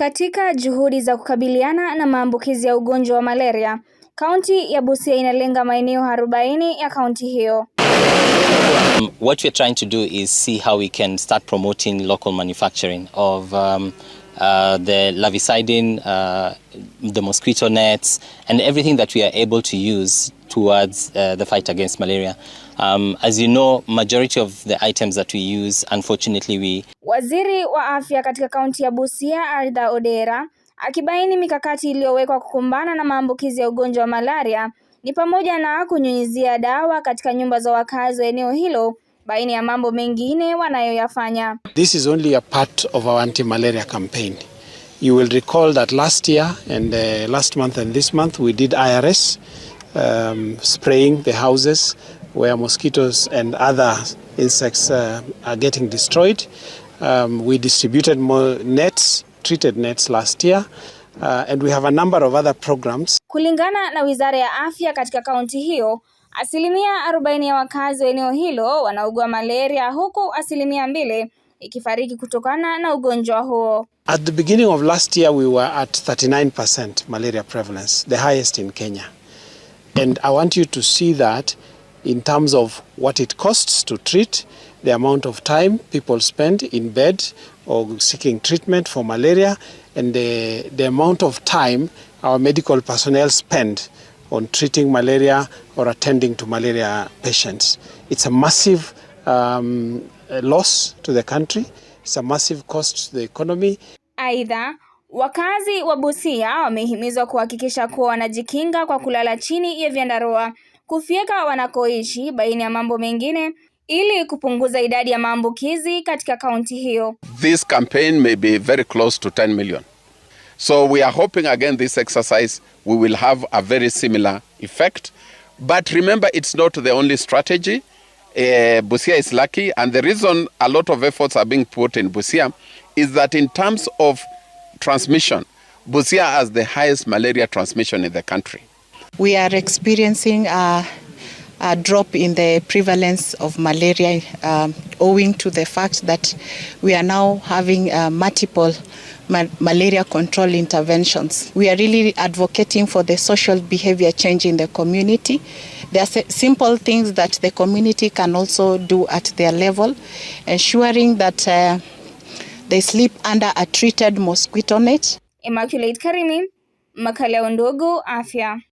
Katika juhudi za kukabiliana na maambukizi ya ugonjwa wa malaria, kaunti ya Busia inalenga maeneo 40 ya kaunti hiyo. Um, what we're trying to do is see how we can start promoting local manufacturing of um, uh, the larvicidin uh, the mosquito nets, and everything that we are able to use towards uh, the fight against malaria. Um, as you know, majority of the items that we use, unfortunately we... Waziri wa afya katika kaunti ya Busia, Arda Odera, akibaini mikakati iliyowekwa kukumbana na maambukizi ya ugonjwa wa malaria ni pamoja na kunyunyizia dawa katika nyumba za wakazi wa eneo hilo baina ya mambo mengine wanayoyafanya. This is only a part of our anti-malaria campaign. You will recall that last year and uh, last month and this month we did IRS um, spraying the houses where mosquitoes and other insects uh, are getting destroyed. Um, we distributed more nets, treated nets last year. Uh, and we have a number of other programs. Kulingana na Wizara ya Afya katika kaunti hiyo, asilimia 40 ya wakazi wa eneo hilo wanaugua malaria huku asilimia mbili ikifariki kutokana na ugonjwa huo. At the beginning of last year we were at 39% malaria prevalence, the highest in Kenya. And I want you to see that in terms of what it costs to treat, the amount of time people spend in bed or seeking treatment for malaria and the, the amount of time our medical personnel spend on treating malaria or attending to malaria patients. It's a massive um, loss to the country. It's a massive cost to the economy. Aidha, wakazi wa Busia wamehimizwa kuhakikisha kuwa wanajikinga kwa kulala chini ya vyandarua, kufyeka wanakoishi, baina ya mambo mengine ili kupunguza idadi ya maambukizi katika kaunti hiyo. This campaign may be very close to 10 million. So we are hoping again this exercise we will have a very similar effect. But remember it's not the only strategy uh, Busia is lucky, and the reason a lot of efforts are being put in Busia is that in terms of transmission, Busia has the highest malaria transmission in the country. We are experiencing a uh, a drop in the prevalence of malaria um, owing to the fact that we are now having uh, multiple ma malaria control interventions. We are really advocating for the social behavior change in the community. There are simple things that the community can also do at their level, ensuring that uh, they sleep under a treated mosquito net. Immaculate Karimi, makala Undugu Afya.